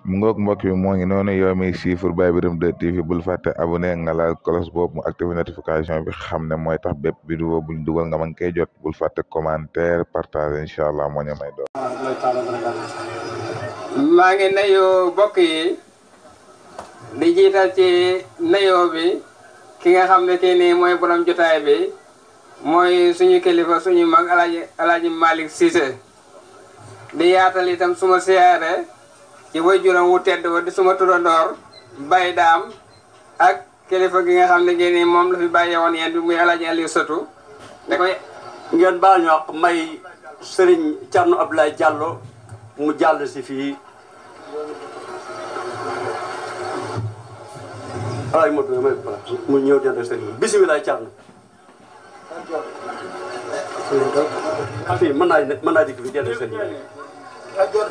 mu ngoog mbokk mi moo ngi noonu yow mi siifur Baye Birame 2 TV bul fàtte abonné nga laal cloche boobu mu activé bi xam ne mooy tax bépp vidéo buñ dugal nga mën koy jot bul fàtte commentaire partage incha allah moo ñu may doon. ci nuyoo bi ki nga xam ne kii mooy borom jotaay bi mooy suñu kilifa suñu mag alaaji alaaji Malick Cissé di suma siyaare. ci way juróom wu tedd wa di suma turandoor bay daam ak kilifa gi nga xam ne génne moom la fi bàyyee woon yéen bi muy alaaji Aliou Sotou da koy ngeen baal ñoo may Serigne Thierno Abdoulaye Diallo mu jàll si fii alaay motu may mu ñëw dend ak Serigne bisimilah Thierno Afi mën naa mën naa dikk fi dend ak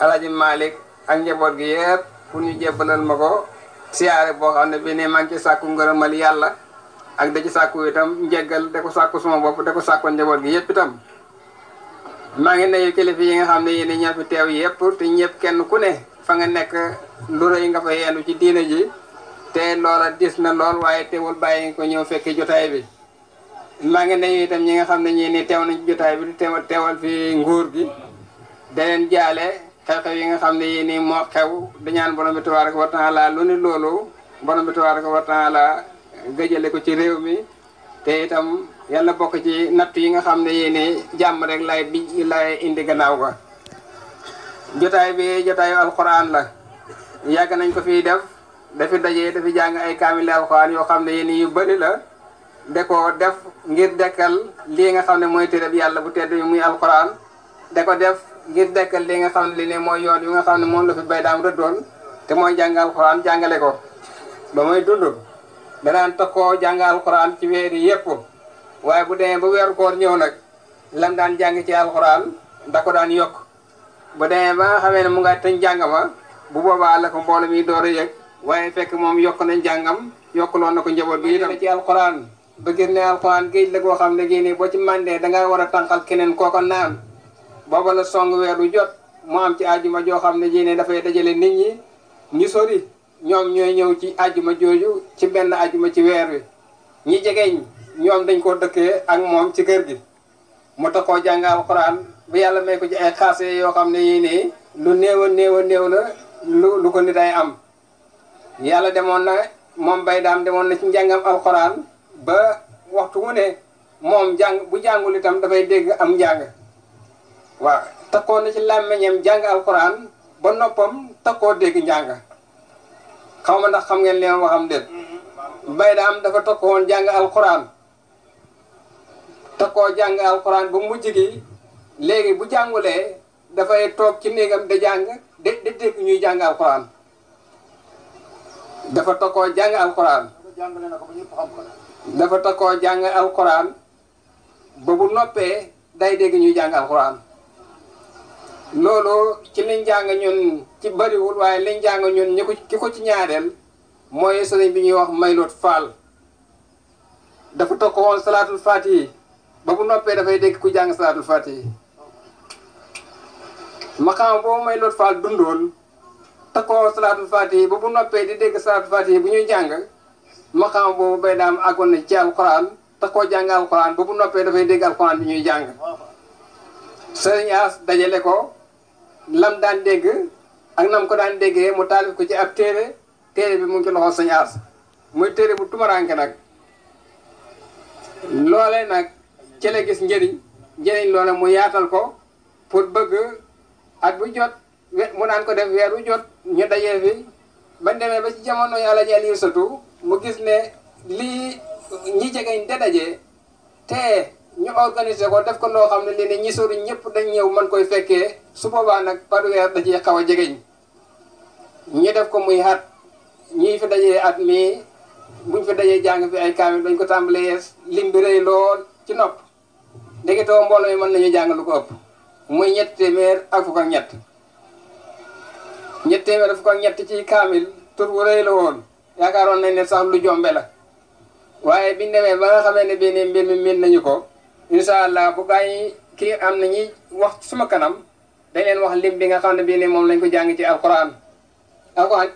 alaji Malick ak njaboot gi yëpp pour ñu jébbalal ma ko siyaare boo xam ne bii nii maa ngi ci sàkku ngërëmal yàlla ak da ci sàkku itam njegal da ko sàkku suma bopp da ko sàkkoon njaboot gi yëpp itam maa ngi nuyu kilifa yi nga xam ne yéen ñoo fi teew yëpp te ñëpp kenn ku ne fa nga nekk lu rëy nga fa ci diine ji te loola dis na lool waaye teewul bàyyi ko ñëw fekki jotaay bi maa ngi nuyu itam ñi nga xam ne ñii nii teew nañ ci bi teewal teewal fi nguur gi da jaale xew-xew yi nga xam ne yéen nii moo xew dañaan ñaan borom bi tabaaraka wa taala lu ni loolu borom bi tabaaraka wa taala gëjale ko ci réew mi te itam yàlla bokk ci natt yi nga xam ne yéen nii jàmm rek lay bi indi gannaaw ga jotaay bi la yàgg nañ ko fiy def dafi daje dafi jàng ay kaamil yoo xam ne yéen yu bëri la de ko def ngir dekkal lii nga xam ne mooy téereb yàlla bu tedd bi muy alquran de ko def ngir dekkal li nga xam ne li mooy yoon wi nga xam ne moom la fi bay daam rëddoon te mooy jàng alxuraan jàngale ko ba muy dund danaan takkoo jàng alxuraan ci weer yi yëpp waaye bu demee ba weeru koor ñëw nag lam daan jàng ci alxuraan da ko daan yokk bu demee ba nga xamee ne mu nga tëñ jàngama bu boobaa la ko mbooloo mi door a yëg waaye fekk moom yokk nañ jàngam yokk yokkuloon na ko njaboot bi itam ci alxuraan ba gis ne alxuraan géej la goo xam ne génne boo ci màndee da war a tànqal keneen kooko naan booba la song weeru jot mu am ci ajuma joo xam ne jéene dafay dajale nit ñi ñu soli ñoom ñooy ñëw ci ajuma jooju ci benn ajuma ci weer wi ñi jegeñ ñoom dañ koo dëkkee ak moom ci kër gi mu tax koo jàng alxuraan bu yàlla may ko ci ay yoo xam ne yii ne lu néew a néew a néew la lu lu ko nit ay am yàlla demoon na moom bay daam demoon na ci njàngam alxuraan ba waxtu mu ne moom njàng bu jàngul itam dafay dégg am njàng waaw takkoo na ci làmmiñam jàng alquran ba noppam takkoo dégg njàng xaw ndax xam ngeen leen waxam déet bay da dafa takkoo woon jàng alquran takkoo jàng alquran ba mujj gi léegi bu jàngulee dafay toog ci néegam da jàng da da dégg ñuy jàng alquran dafa takkoo jàng alquran dafa takkoo jàng alquran ba bu noppee day dégg ñuy jàng alquran loolu ci liñ jàng ñun ci bariwul waaye liñ jàng ñun ñi ko ki ko ci ñaareel mooy sëriñ bi ñuy wax Mayloot Faal dafa toog ko woon salaatul faatihi ba noppee dafay dégg jàng salaatul faatihi maqaam boobu Mayloot Faal dundoon toog ko woon ba bu noppee di dégg salaatul yi bu ñuy jàng maqaam boobu bay daam àggoon na ci alxuraan toog koo jàng alxuraan ba bu noppee dafay dégg alxuraan bi ñuy jàng sëriñ As dajale ko lam daan dégg ak nam ko daan déggee mu taalif ko ci ab téere téere bi mu ngi ci loxo sañ aas muy téere bu tumaraanke nag loole nag ci la gis njëriñ njëriñ loole mu yaatal ko pour bëgg at bu jot mu naan ko def weer bu jot ñu dajee fi ba demee ba ci jamono yàlla ji Aliou Satou mu gis ne lii ñi jegeñ de dajee te ñu organiser ko def ko loo xam ne léegi ñi sori ñëpp dañ ñëw man koy fekkee su boobaa nag par weer da ciy a jegeñ ñu def ko muy at ñii fi dajee at mii buñ fi dajee jàng fi ay kaamil dañ ko tàmbalee yees lim bi lool ci nopp ndeketoo mbooloo mi mën nañu jàng lu ko ëpp muy ñett téeméer ak fukk ak ñett ñett téeméer ak fukk ak ñett ci kaamil tur bu rëy la yaakaaroon nañ ne sax lu jombe la waaye biñ demee ba nga xamee ne bii nii mbir nañu ko incha allah bu gaa ki am na ñi wax suma kanam dañ leen wax lim bi nga xamne bi ni mom lañ ko jang ci alquran. alquran.